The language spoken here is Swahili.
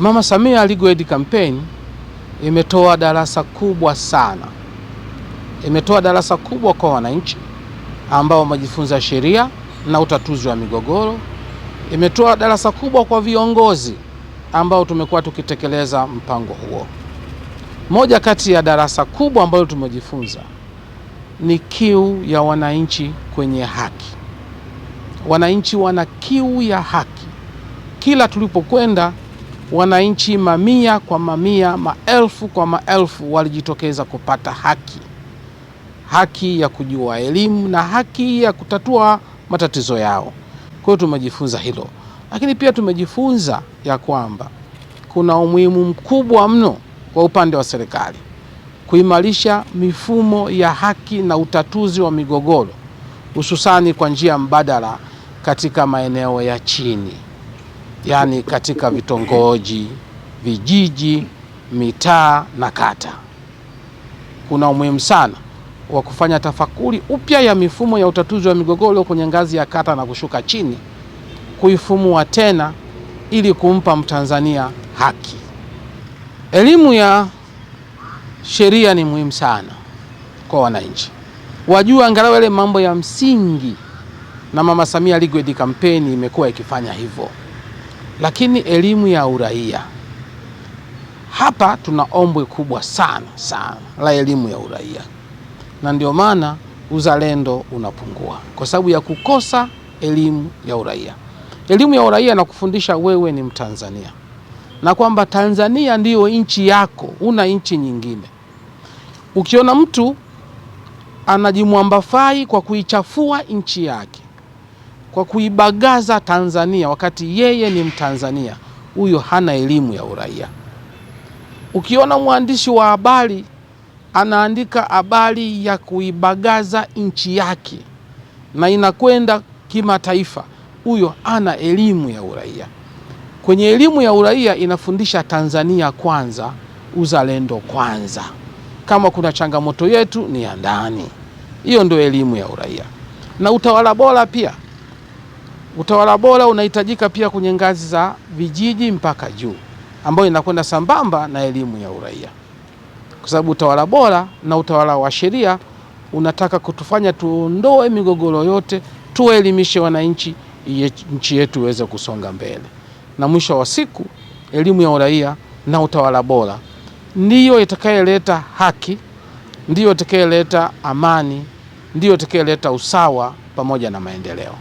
Mama Samia Legal Aid Campaign imetoa darasa kubwa sana, imetoa darasa kubwa kwa wananchi ambao wamejifunza sheria na utatuzi wa migogoro. Imetoa darasa kubwa kwa viongozi ambao tumekuwa tukitekeleza mpango huo. Moja kati ya darasa kubwa ambalo tumejifunza ni kiu ya wananchi kwenye haki. Wananchi wana kiu ya haki. Kila tulipokwenda wananchi mamia kwa mamia, maelfu kwa maelfu walijitokeza kupata haki, haki ya kujua elimu na haki ya kutatua matatizo yao. Kwa hiyo tumejifunza hilo, lakini pia tumejifunza ya kwamba kuna umuhimu mkubwa mno kwa upande wa serikali kuimarisha mifumo ya haki na utatuzi wa migogoro hususani kwa njia mbadala katika maeneo ya chini yani katika vitongoji, vijiji, mitaa na kata. Kuna umuhimu sana wa kufanya tafakuri upya ya mifumo ya utatuzi wa migogoro kwenye ngazi ya kata na kushuka chini, kuifumua tena ili kumpa Mtanzania haki. Elimu ya sheria ni muhimu sana kwa wananchi, wajua angalau yale mambo ya msingi, na Mama Samia Legal Aid kampeni imekuwa ikifanya hivyo. Lakini elimu ya uraia hapa tuna ombwe kubwa sana sana la elimu ya uraia, na ndio maana uzalendo unapungua kwa sababu ya kukosa elimu ya uraia. Elimu ya uraia inakufundisha wewe ni Mtanzania na kwamba Tanzania ndiyo nchi yako, una nchi nyingine. Ukiona mtu anajimwambafai kwa kuichafua nchi yake kwa kuibagaza Tanzania wakati yeye ni Mtanzania. Huyo hana elimu ya uraia. Ukiona mwandishi wa habari anaandika habari ya kuibagaza nchi yake na inakwenda kimataifa, huyo hana elimu ya uraia. Kwenye elimu ya uraia inafundisha Tanzania kwanza, uzalendo kwanza. Kama kuna changamoto yetu ni ya ndani, hiyo ndio elimu ya uraia na utawala bora pia Utawala bora unahitajika pia kwenye ngazi za vijiji mpaka juu, ambayo inakwenda sambamba na elimu ya uraia, kwa sababu utawala bora na utawala wa sheria unataka kutufanya tuondoe migogoro yote, tuwaelimishe wananchi, nchi yetu iweze kusonga mbele. Na mwisho wa siku, elimu ya uraia na utawala bora ndiyo itakayeleta haki, ndiyo itakayeleta amani, ndiyo itakayeleta usawa pamoja na maendeleo.